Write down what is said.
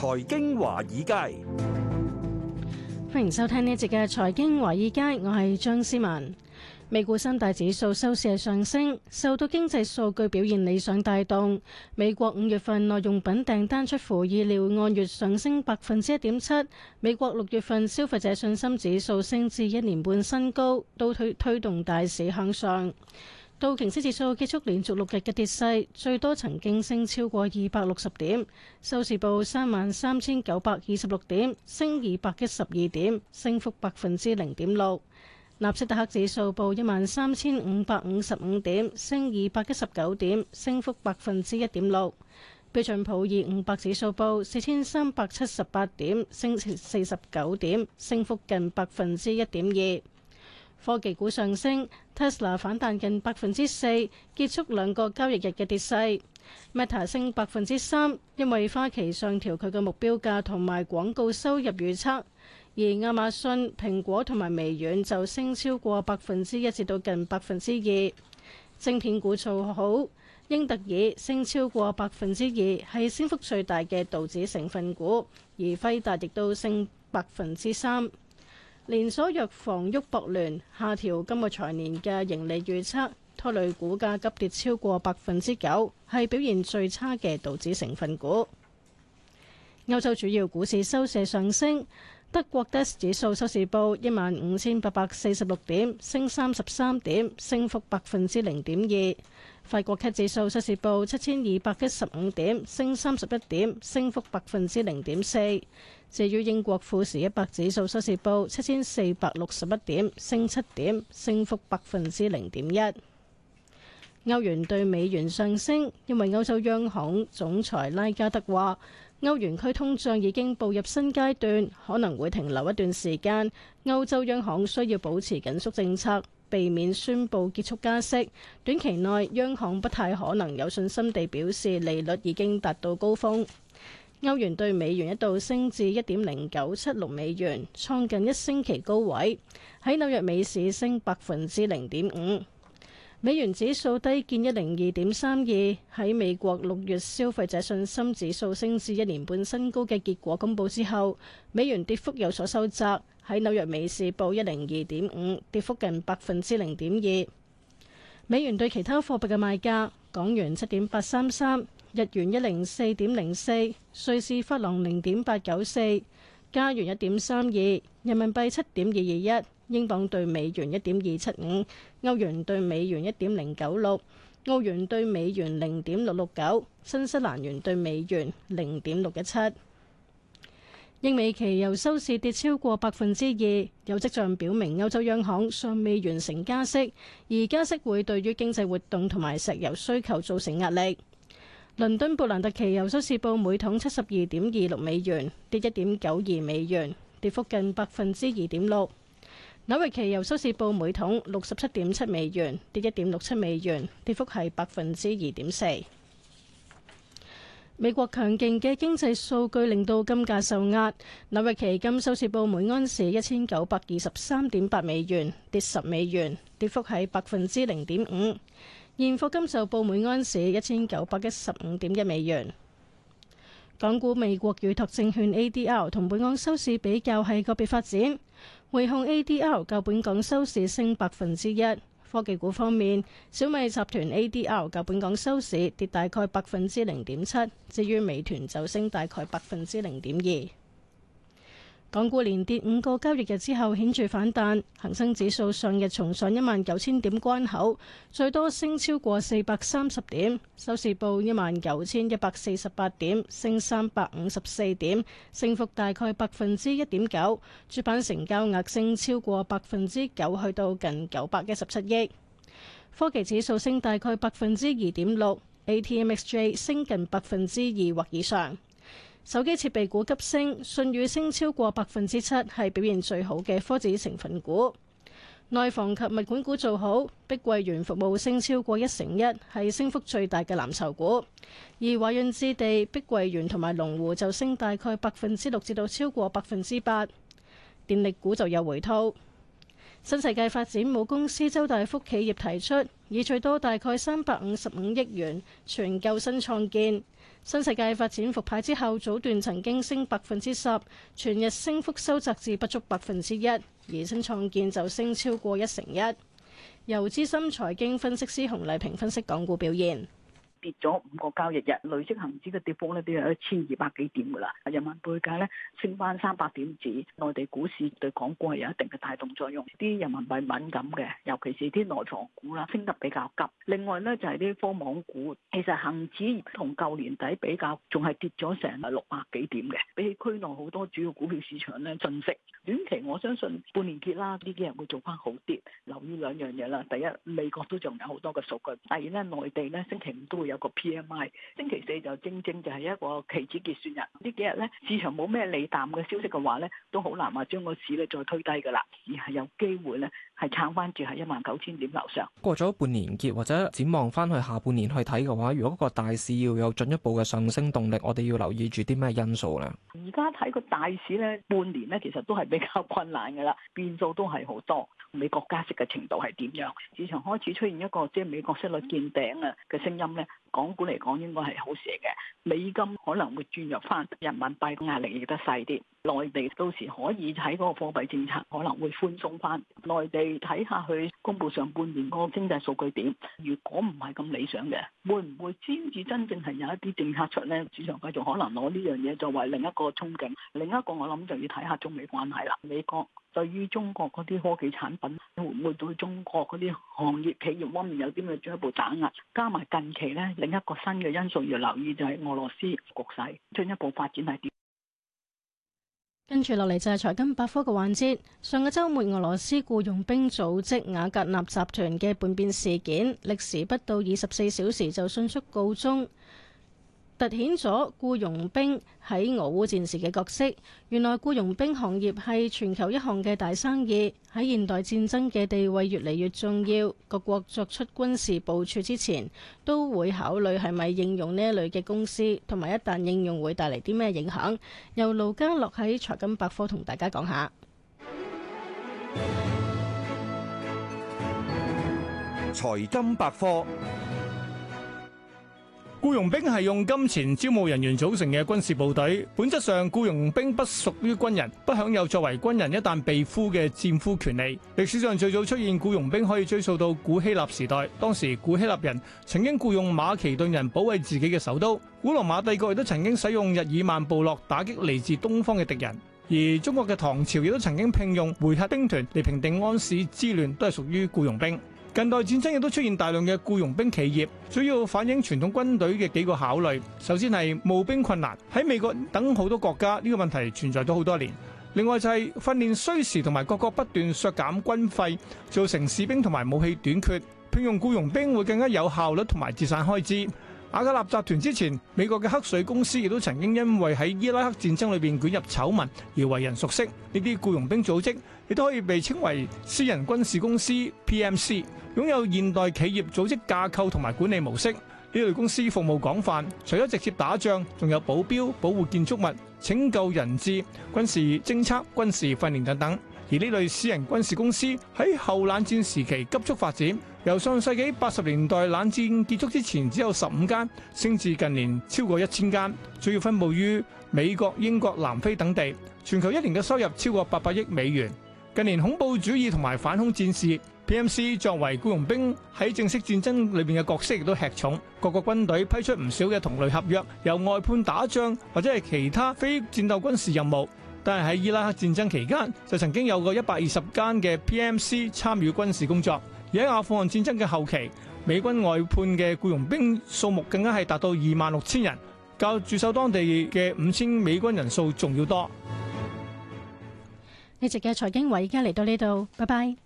財經華爾街，歡迎收聽呢一節嘅財經華爾街。我係張思文。美股三大指數收市上升，受到經濟數據表現理想帶動。美國五月份耐用品訂單出乎意料按月上升百分之一點七。美國六月份消費者信心指數升至一年半新高，都推推動大市向上。道瓊斯指數結束連續六日嘅跌勢，最多曾經升超過二百六十點，收市報三萬三千九百二十六點，升二百一十二點，升幅百分之零點六。納斯達克指數報一萬三千五百五十五點，升二百一十九點，升幅百分之一點六。標準普爾五百指數報四千三百七十八點，升四十九點，升幅近百分之一點二。科技股上升，Tesla 反彈近百分之四，結束兩個交易日嘅跌勢。Meta 升百分之三，因為花旗上調佢嘅目標價同埋廣告收入預測，而亞馬遜、蘋果同埋微軟就升超過百分之一至到近百分之二。正片股造好，英特爾升超過百分之二，係升幅最大嘅道指成分股，而輝達亦都升百分之三。連鎖藥房沃博聯下調今個財年嘅盈利預測，拖累股價急跌超過百分之九，係表現最差嘅道指成分股。歐洲主要股市收市上升，德國 DAX 指數收市報一萬五千八百四十六點，升三十三點，升幅百分之零點二。法國 CAC 指數收市報七千二百一十五點，升三十一點，升幅百分之零點四。至於英國富時一百指數收市報七千四百六十一點，升七點，升幅百分之零點一。歐元兌美元上升，因為歐洲央行總裁拉加德話，歐元區通脹已經步入新階段，可能會停留一段時間。歐洲央行需要保持緊縮政策，避免宣布結束加息。短期內，央行不太可能有信心地表示利率已經達到高峰。歐元兌美元一度升至一點零九七六美元，創近一星期高位，喺紐約美市升百分之零點五。美元指數低見一零二點三二，喺美國六月消費者信心指數升至一年半新高嘅結果公佈之後，美元跌幅有所收窄，喺紐約美市報一零二點五，跌幅近百分之零點二。美元對其他貨幣嘅賣價：港元七點八三三，日元一零四點零四，瑞士法郎零點八九四，加元一點三二，人民幣七點二二一。英鎊兌美元一點二七五，歐元兌美元一點零九六，澳元兌美元零點六六九，新西蘭元兌美元零點六一七。英美期油收市跌超過百分之二，有跡象表明歐洲央行尚未完成加息，而加息會對於經濟活動同埋石油需求造成壓力。倫敦布蘭特期油收市報每桶七十二點二六美元，跌一點九二美元，跌幅近百分之二點六。紐約期油收市報每桶六十七點七美元，跌一點六七美元，跌幅係百分之二點四。美國強勁嘅經濟數據令到金價受壓，紐約期金收市報每安士一千九百二十三點八美元，跌十美元，跌幅係百分之零點五。現貨金就報每安士一千九百一十五點一美元。港股美國預託證券 ADR 同本港收市比較係個別發展。匯控 ADR 較本港收市升百分之一，科技股方面，小米集團 ADR 較本港收市跌大概百分之零點七，至於美團就升大概百分之零點二。港股連跌五個交易日之後，顯著反彈，恒生指數上日重上一萬九千點關口，最多升超過四百三十點，收市報一萬九千一百四十八點，升三百五十四點，升幅大概百分之一點九。主板成交額升超過百分之九，去到近九百一十七億。科技指數升大概百分之二點六，ATMXJ 升近百分之二或以上。手機設備股急升，舜宇升超過百分之七，係表現最好嘅科指成分股。內房及物管股做好，碧桂園服務升超過一成一，係升幅最大嘅藍籌股。而華潤置地、碧桂園同埋龍湖就升大概百分之六至到超過百分之八。電力股就有回吐。新世界發展母公司周大福企業提出，以最多大概三百五十五億元全購新創建。新世界發展復牌之後，早段曾經升百分之十，全日升幅收窄至不足百分之一，而新創建就升超過一成一。由資深財經分析師洪麗萍分析港股表現。跌咗五個交易日，累積恒指嘅跌幅咧都有一千二百幾點噶啦。人民幣價咧升翻三百點指，內地股市對港股係有一定嘅帶動作用，啲人民幣敏感嘅，尤其是啲內藏股啦，升得比較急。另外咧就係啲科網股，其實恒指同舊年底比較仲係跌咗成日六百幾點嘅，比起區內好多主要股票市場咧遜色。短期我相信半年結啦，呢啲人會做翻好啲。留意兩樣嘢啦，第一美國都仲有好多嘅數據，第二咧內地咧星期五都會。有個 PMI，星期四就正正就係一個期指結算日。呢幾日咧，市場冇咩利淡嘅消息嘅話咧，都好難話將個市咧再推低噶啦，而係有機會咧係撐翻住喺一萬九千點樓上。過咗半年結或者展望翻去下半年去睇嘅話，如果個大市要有進一步嘅上升動力，我哋要留意住啲咩因素咧？而家睇個大市咧，半年咧其實都係比較困難噶啦，變數都係好多。美國加息嘅程度係點樣？市場開始出現一個即係美國息率見頂啊嘅聲音咧。港股嚟講應該係好事嘅，美金可能會轉入翻人民幣嘅壓力亦都細啲。內地到時可以睇嗰個貨幣政策可能會寬鬆翻。內地睇下去，公布上半年個經濟數據點，如果唔係咁理想嘅，會唔會先至真正係有一啲政策出咧？市場繼續可能攞呢樣嘢作為另一個憧憬。另一個我諗就要睇下中美關係啦，美國。對於中國嗰啲科技產品，會唔會對中國嗰啲行業企業方面有啲咩進一步打壓？加埋近期呢，另一個新嘅因素要留意就係俄羅斯局勢進一步發展係點？跟住落嚟就係財經百科嘅環節。上個週末，俄羅斯僱傭兵組織瓦格納集團嘅叛變事件，歷時不到二十四小時就迅速告終。突顯咗僱傭兵喺俄烏戰事嘅角色。原來僱傭兵行業係全球一項嘅大生意，喺現代戰爭嘅地位越嚟越重要。各國作出軍事部署之前，都會考慮係咪應用呢一類嘅公司，同埋一旦應用會帶嚟啲咩影響。由盧家樂喺財金百科同大家講下。財金百科。僱傭兵係用金錢招募人員組成嘅軍事部隊，本質上僱傭兵不屬於軍人，不享有作為軍人一旦被俘嘅戰俘權利。歷史上最早出現僱傭兵可以追溯到古希臘時代，當時古希臘人曾經僱傭馬其頓人保衛自己嘅首都，古羅馬帝國亦都曾經使用日耳曼部落打擊嚟自東方嘅敵人；而中國嘅唐朝亦都曾經聘用回紇兵團嚟平定安史之亂，都係屬於僱傭兵。近代戰爭亦都出現大量嘅僱傭兵企業，主要反映傳統軍隊嘅幾個考慮。首先係募兵困難，喺美國等好多國家呢個問題存在咗好多年。另外就係訓練需時，同埋各國不斷削減軍費，造成士兵同埋武器短缺。聘用僱傭兵會更加有效率同埋節省開支。阿格納集團之前，美國嘅黑水公司亦都曾經因為喺伊拉克戰爭裏邊捲入醜聞而為人熟悉。呢啲僱傭兵組織亦都可以被稱為私人軍事公司 （PMC），擁有現代企業組織架構同埋管理模式。呢類公司服務廣泛，除咗直接打仗，仲有保鏢、保護建築物、拯救人質、軍事政策、軍事訓練等等。而呢類私人軍事公司喺後冷戰時期急速發展，由上世紀八十年代冷戰結束之前只有十五間升至近年超過一千間，主要分布於美國、英國、南非等地，全球一年嘅收入超過八百億美元。近年恐怖主義同埋反恐戰士 PMC 作為僱傭兵喺正式戰爭裏邊嘅角色亦都吃重。各個軍隊批出唔少嘅同類合約，由外判打仗或者係其他非戰鬥軍事任務。但係喺伊拉克戰爭期間，就曾經有過一百二十間嘅 PMC 參與軍事工作。而喺阿富汗戰爭嘅後期，美軍外判嘅僱傭兵數目更加係達到二萬六千人，較駐守當地嘅五千美軍人數仲要多。呢節嘅財經委而家嚟到呢度，拜拜。